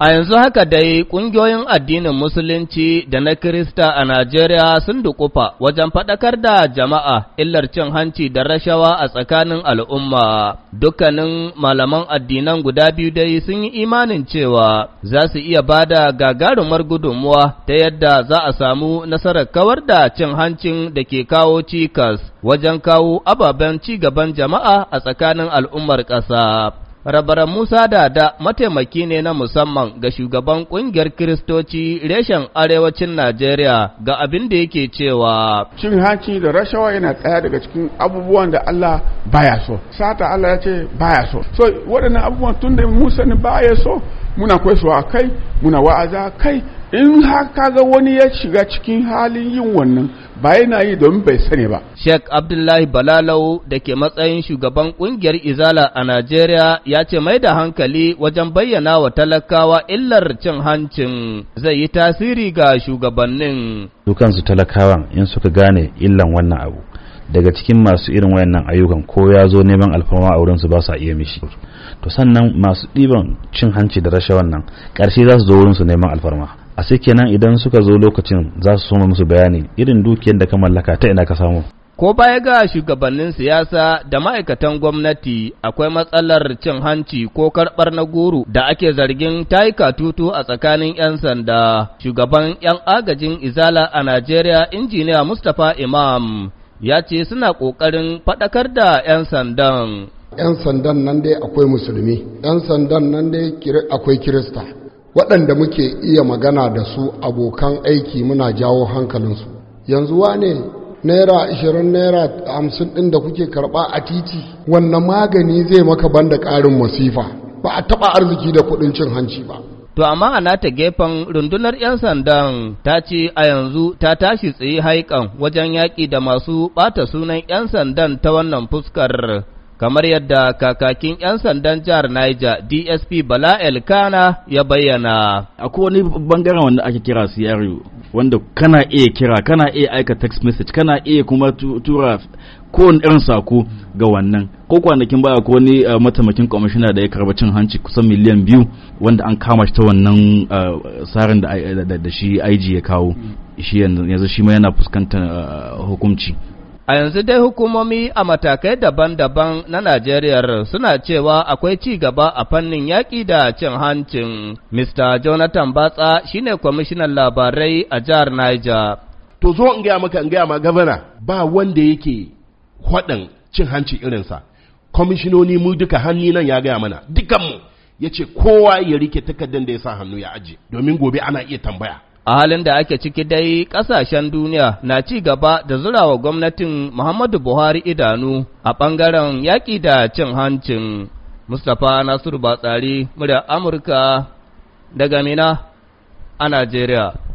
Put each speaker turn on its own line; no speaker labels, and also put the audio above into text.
A yanzu haka dai ƙungiyoyin addinin Musulunci da na Kirista a Najeriya sun dukufa wajen faɗakar da jama'a illar cin hanci da rashawa a tsakanin al'umma. Dukkanin malaman addinan guda biyu dai sun yi imanin cewa za su iya ba da gagarumar gudunmuwa ta yadda za a samu nasarar kawar da cin hancin da ke kawo cikas wajen kawo ababen ci gaban jama'a a tsakanin al'ummar ƙasa. Rabaran Musa Dada mataimaki ne na musamman ga shugaban ƙungiyar Kiristoci reshen arewacin Najeriya ga abin da yake cewa.
Cin hanci da rashawa yana ɗaya daga cikin abubuwan da Allah baya so. Sata Allah ya ce baya so. So waɗannan abubuwan tun da Musa ne baya so muna kwaisuwa kai muna wa'aza kai in haka ga wani ya shiga cikin halin yin wannan ba yana yi don bai sani ba.
Sheikh Abdullahi Balalau da ke matsayin shugaban kungiyar Izala a Najeriya ya ce mai da hankali wajen bayyana wa talakawa illar cin hancin zai yi tasiri ga shugabannin.
Dukansu talakawan in suka gane illan wannan abu daga cikin masu irin wayannan ayyukan ko ya zo neman alfarma a wurinsu ba sa iya mishi to sannan masu ɗiban cin hanci da rashawan nan ƙarshe za su zo wurinsu neman alfarma a sai kenan idan suka zo lokacin za su soma musu bayani irin dukiyar da ka mallaka ta ina ka samu
ko baya ga shugabannin siyasa da ma'aikatan gwamnati akwai matsalar cin hanci ko karɓar na goro da ake zargin ta yi katutu a tsakanin 'yan sanda shugaban 'yan agajin izala a najeriya injiniya mustapha imam ya ce suna ƙoƙarin faɗakar da 'yan sandan
'yan sandan nan dai akwai musulmi 'yan sandan nan dai akwai kirista waɗanda muke iya magana da su abokan aiki muna jawo hankalinsu yanzu wane naira ashirin naira hamsin ɗin da kuke karɓa a titi wannan magani zai maka banda ƙarin masifa ba a taɓa arziki da kuɗin cin hanci ba
To amma a nata gefen rundunar 'yan sandan ta ce a yanzu ta tashi tsaye haikan wajen yaƙi da masu ɓata sunan 'yan sandan ta wannan fuskar kamar yadda kakakin 'yan sandan jihar Niger DSP Bala Elkana ya bayyana.
Akwai wani bangaren wanda ake kira CRU wanda kana iya kira, kana iya aika text message, kana iya kuma tura ko irin sako ga wannan. Ko kwanakin baya ko wani eh, mataimakin kwamishina da ya karba cin hanci kusan miliyan biyu wanda an kama shi ta wannan eh, tsarin da shi IG ya kawo. Mm. Shi yanzu shi ma yana fuskantar eh, hukunci.
A yanzu dai hukumomi a matakai daban-daban na Najeriya suna cewa akwai ci gaba a fannin yaƙi da cin hancin. Mr. Jonathan Batsa shine kwamishinan labarai a jihar Niger.
To zo in gaya maka in gaya ma gavana ba wanda yake hwaɗin cin hanci irinsa. Kwamishinoni mu duka hannu nan ya gaya mana dukanmu ya ce kowa ya rike takardar da ya sa hannu ya aje domin gobe ana iya tambaya.
A halin da ake ciki dai ƙasashen duniya na ci gaba da wa gwamnatin Muhammadu Buhari idanu a ɓangaren yaƙi da cin hancin. Mustapha Nasiru Batsari, murya Amurka daga Mina a Najeriya.